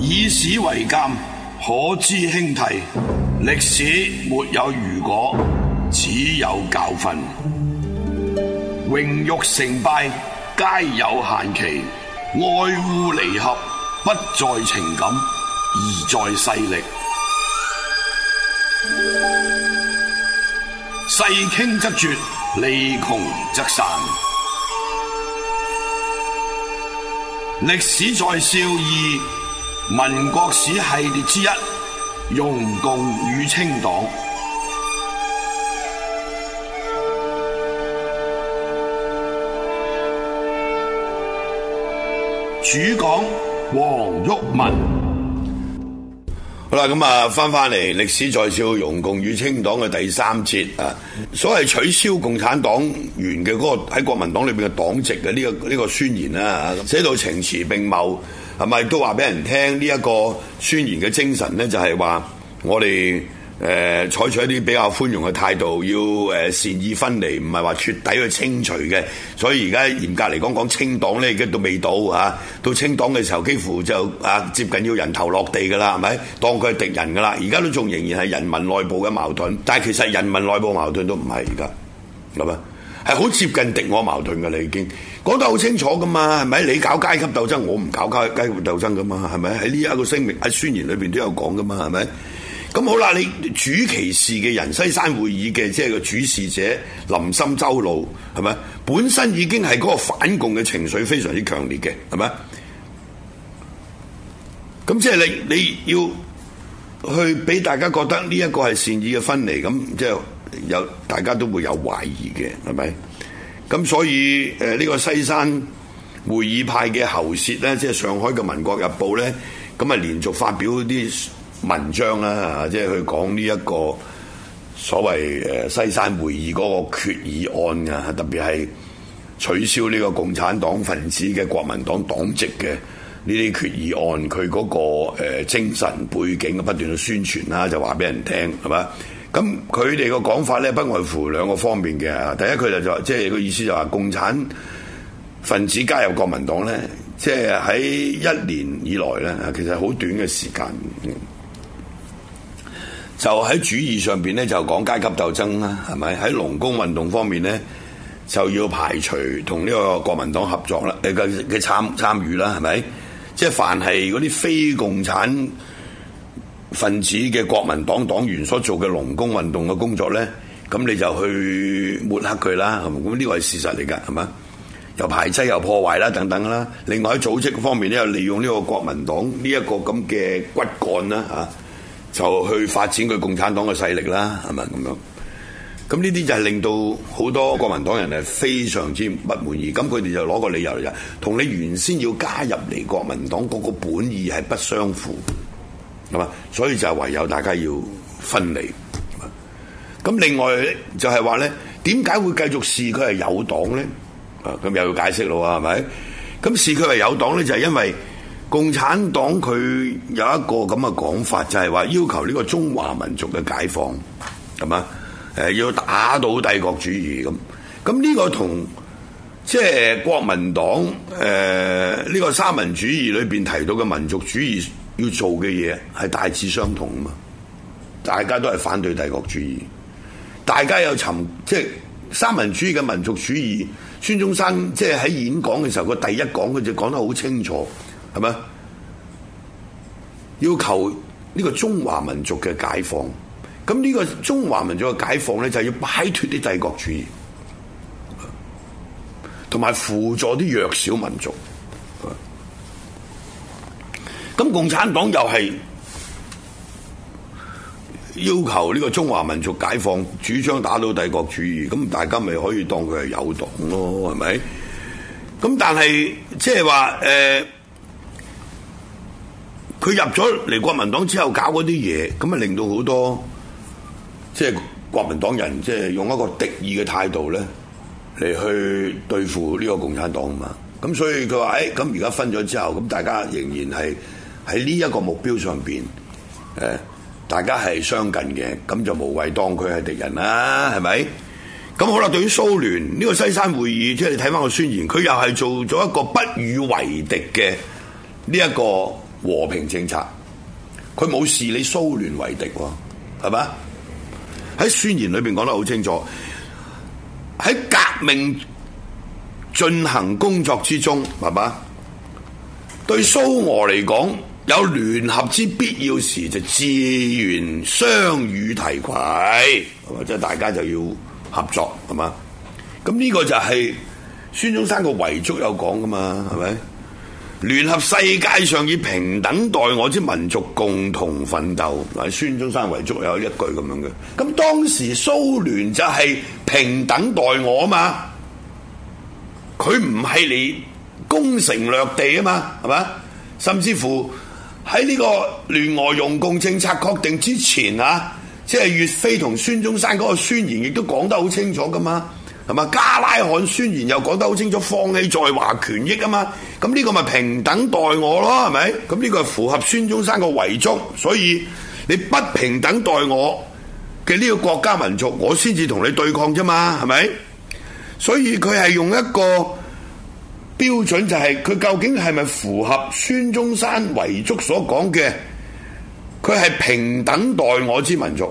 以史為鑑，可知興替。歷史沒有如果，只有教訓。榮辱成敗皆有限期，愛護離合不在情感，而在勢力。世傾則絕，利窮則散。歷史在笑意民國史系列之一《容共與清黨》主，主講黃毓民。好啦，咁啊，翻翻嚟歷史在笑《容共與清黨》嘅第三節啊。所謂取消共產黨員嘅嗰、那個喺國民黨裏邊嘅黨籍嘅呢、這個呢、這個宣言啦啊，寫到情詞並茂。係咪都話俾人聽呢一個宣言嘅精神咧？就係話我哋誒採取一啲比較寬容嘅態度，要誒善意分離，唔係話徹底去清除嘅。所以而家嚴格嚟講，講清黨咧，嘅都未到。到清黨嘅時候，幾乎就啊接近要人頭落地㗎啦，係咪？當佢係敵人㗎啦。而家都仲仍然係人民內部嘅矛盾，但係其實人民內部矛盾都唔係而家。係好接近敵我矛盾嘅，你已經講得好清楚噶嘛？係咪你搞階級鬥爭，我唔搞階階級鬥爭噶嘛？係咪喺呢一個聲明喺宣言裏邊都有講噶嘛？係咪？咁好啦，你主其事嘅人，西山會議嘅即係個主事者林森鄒魯，係咪？本身已經係嗰個反共嘅情緒非常之強烈嘅，係咪？咁即係你你要去俾大家覺得呢一個係善意嘅分離，咁即係。有大家都會有懷疑嘅，係咪？咁所以誒呢個西山會議派嘅喉舌咧，即係上海嘅《民國日報》咧，咁啊連續發表啲文章啦，即係去講呢一個所謂誒西山會議嗰個決議案啊，特別係取消呢個共產黨分子嘅國民黨黨籍嘅呢啲決議案，佢嗰個精神背景嘅不斷宣傳啦，就話俾人聽，係咪？咁佢哋個講法咧，不外乎兩個方面嘅。第一，佢就就即係個意思就話、是、共產分子加入國民黨咧，即係喺一年以來咧，其實好短嘅時間，就喺主義上邊咧就講階級鬥爭啦，係咪？喺農工運動方面咧，就要排除同呢個國民黨合作啦，誒嘅參參與啦，係咪？即係、就是、凡係嗰啲非共產分子嘅國民黨黨員所做嘅農工運動嘅工作呢，咁你就去抹黑佢啦，咁呢個係事實嚟㗎，係嘛？又排擠又破壞啦，等等啦。另外喺組織方面呢，又利用呢個國民黨呢一個咁嘅骨幹啦，嚇，就去發展佢共產黨嘅勢力啦，係咪咁樣？咁呢啲就係令到好多國民黨人係非常之不滿意，咁佢哋就攞個理由嚟就同你原先要加入嚟國民黨嗰個本意係不相符。咁啊，所以就唯有大家要分離。咁另外咧，就係話咧，點解會繼續視佢係有黨咧？啊，咁又要解釋咯喎，係咪？咁視佢係有黨咧，就係因為共產黨佢有一個咁嘅講法，就係話要求呢個中華民族嘅解放，係嘛？誒、呃，要打倒帝國主義咁。咁呢個同即係國民黨誒呢個三民主義裏邊提到嘅民族主義。要做嘅嘢係大致相同啊嘛，大家都係反對帝國主義，大家有尋即係三民主義嘅民族主義。孫中山即係喺演講嘅時候，佢第一講佢就講得好清楚，係咪？要求呢個中華民族嘅解放，咁呢個中華民族嘅解放咧，就係要擺脫啲帝國主義，同埋輔助啲弱小民族。咁共產黨又係要求呢個中華民族解放，主張打倒帝國主義，咁大家咪可以當佢係有黨咯，係咪？咁但係即係話，誒、就是，佢、呃、入咗嚟國民黨之後搞嗰啲嘢，咁啊令到好多即係、就是、國民黨人，即、就、係、是、用一個敵意嘅態度咧嚟去對付呢個共產黨啊嘛，咁所以佢話誒，咁而家分咗之後，咁大家仍然係。喺呢一個目標上邊，誒，大家係相近嘅，咁就無謂當佢係敵人啦，係咪？咁好啦，對於蘇聯呢個西山會議，即係你睇翻個宣言，佢又係做咗一個不與為敵嘅呢一個和平政策，佢冇視你蘇聯為敵喎，係咪？喺宣言裏邊講得好清楚，喺革命進行工作之中，係咪？對蘇俄嚟講。有聯合之必要時，就自願相與提攜，即大家就要合作，係嘛？咁呢個就係孫中山個遺囑有講噶嘛，係咪？聯合世界上以平等待我之民族共同奮鬥，喺孫中山遺囑有一句咁樣嘅。咁當時蘇聯就係平等待我啊嘛，佢唔係你攻城略地啊嘛，係嘛？甚至乎。喺呢個聯俄容共政策確定之前啊，即係越飛同孫中山嗰個宣言亦都講得好清楚噶嘛，係嘛？加拉罕宣言又講得好清楚，放棄在華權益啊嘛，咁呢個咪平等待我咯，係咪？咁呢個係符合孫中山個遺囑，所以你不平等待我嘅呢個國家民族，我先至同你對抗啫嘛，係咪？所以佢係用一個。標準就係佢究竟係咪符合孫中山遺囑所講嘅？佢係平等待我之民族。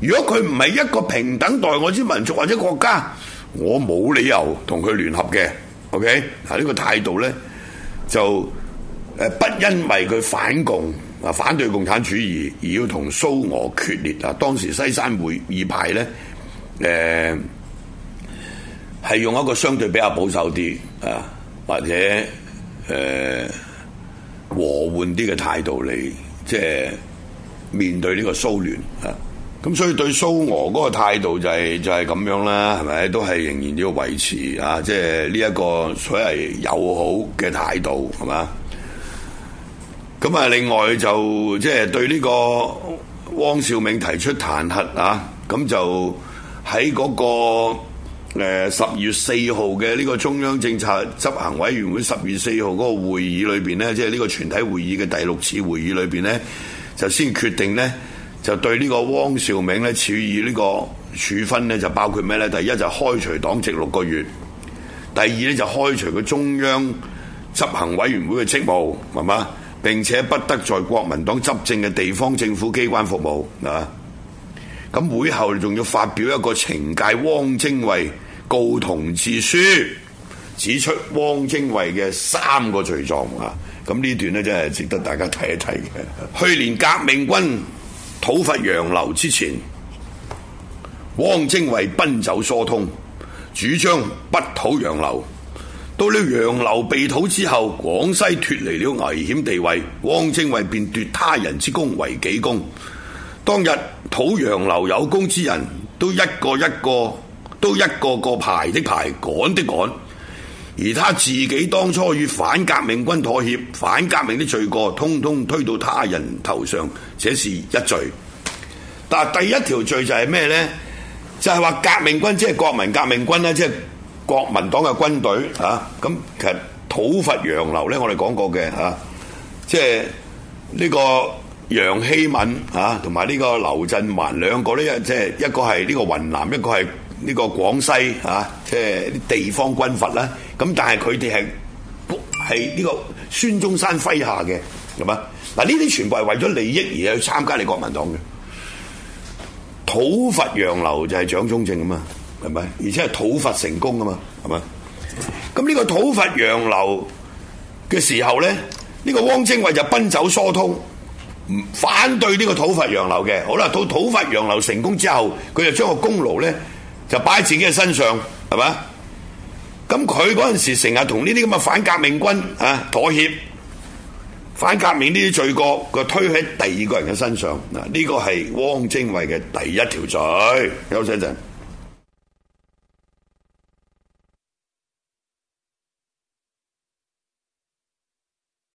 如果佢唔係一個平等待我之民族或者國家，我冇理由同佢聯合嘅。OK，嗱呢個態度呢，就不因為佢反共啊，反對共產主義而要同蘇俄決裂啊。當時西山會議派呢，誒、呃、係用一個相對比較保守啲啊。呃或者誒、呃、和緩啲嘅態度嚟，即係面對呢個蘇聯啊，咁所以對蘇俄嗰個態度就係、是、就係、是、咁樣啦，係咪？都係仍然要維持啊，即係呢一個所謂友好嘅態度，係嘛？咁啊，另外就即係對呢個汪兆銘提出彈劾啊，咁就喺嗰、那個。誒，十月四號嘅呢個中央政策執行委員會十月四號嗰個會議裏邊咧，即係呢個全體會議嘅第六次會議裏邊呢就先決定呢，就對呢個汪兆銘呢處以呢個處分呢就包括咩呢？第一就是、開除黨籍六個月，第二咧就是、開除佢中央執行委員會嘅職務，係嘛？並且不得在國民黨執政嘅地方政府機關服務啊！咁會後仲要發表一個懲戒汪精衛告同志書，指出汪精衛嘅三個罪狀啊！咁呢段呢，真係值得大家睇一睇嘅。 去年革命軍討伐楊劉之前，汪精衛奔走疏通，主張不討楊劉。到了楊劉被討之後，廣西脫離了危險地位，汪精衛便奪他人之功為己功。當日討洋流有功之人都一個一個，都一個個排的排，趕的趕。而他自己當初與反革命軍妥協，反革命的罪過通通推到他人頭上，這是一罪。但第一條罪就係咩呢？就係話革命軍，即係國民革命軍，即係國民黨嘅軍隊啊。咁其實討伐洋流呢，我哋講過嘅啊，即係呢、這個。楊希閔啊，同埋呢個劉震寰兩個呢，即係一個係呢個雲南，一個係呢個廣西啊，即係啲地方軍閥啦。咁但係佢哋係係呢個孫中山麾下嘅，係嘛？嗱，呢啲全部係為咗利益而去參加你國民黨嘅。討伐楊劉，就係蔣中正啊嘛，係咪？而且係討伐成功啊嘛，係咪？咁呢個討伐楊劉嘅時候咧，呢、呢個汪精衛就奔走疏通。反對呢個討伐楊劉嘅，好啦，到討伐楊劉成功之後，佢就將個功勞呢就擺喺自己嘅身上，係嘛？咁佢嗰陣時成日同呢啲咁嘅反革命軍啊妥協，反革命呢啲罪過佢推喺第二個人嘅身上，嗱、這、呢個係汪精衛嘅第一條罪。休息一陣。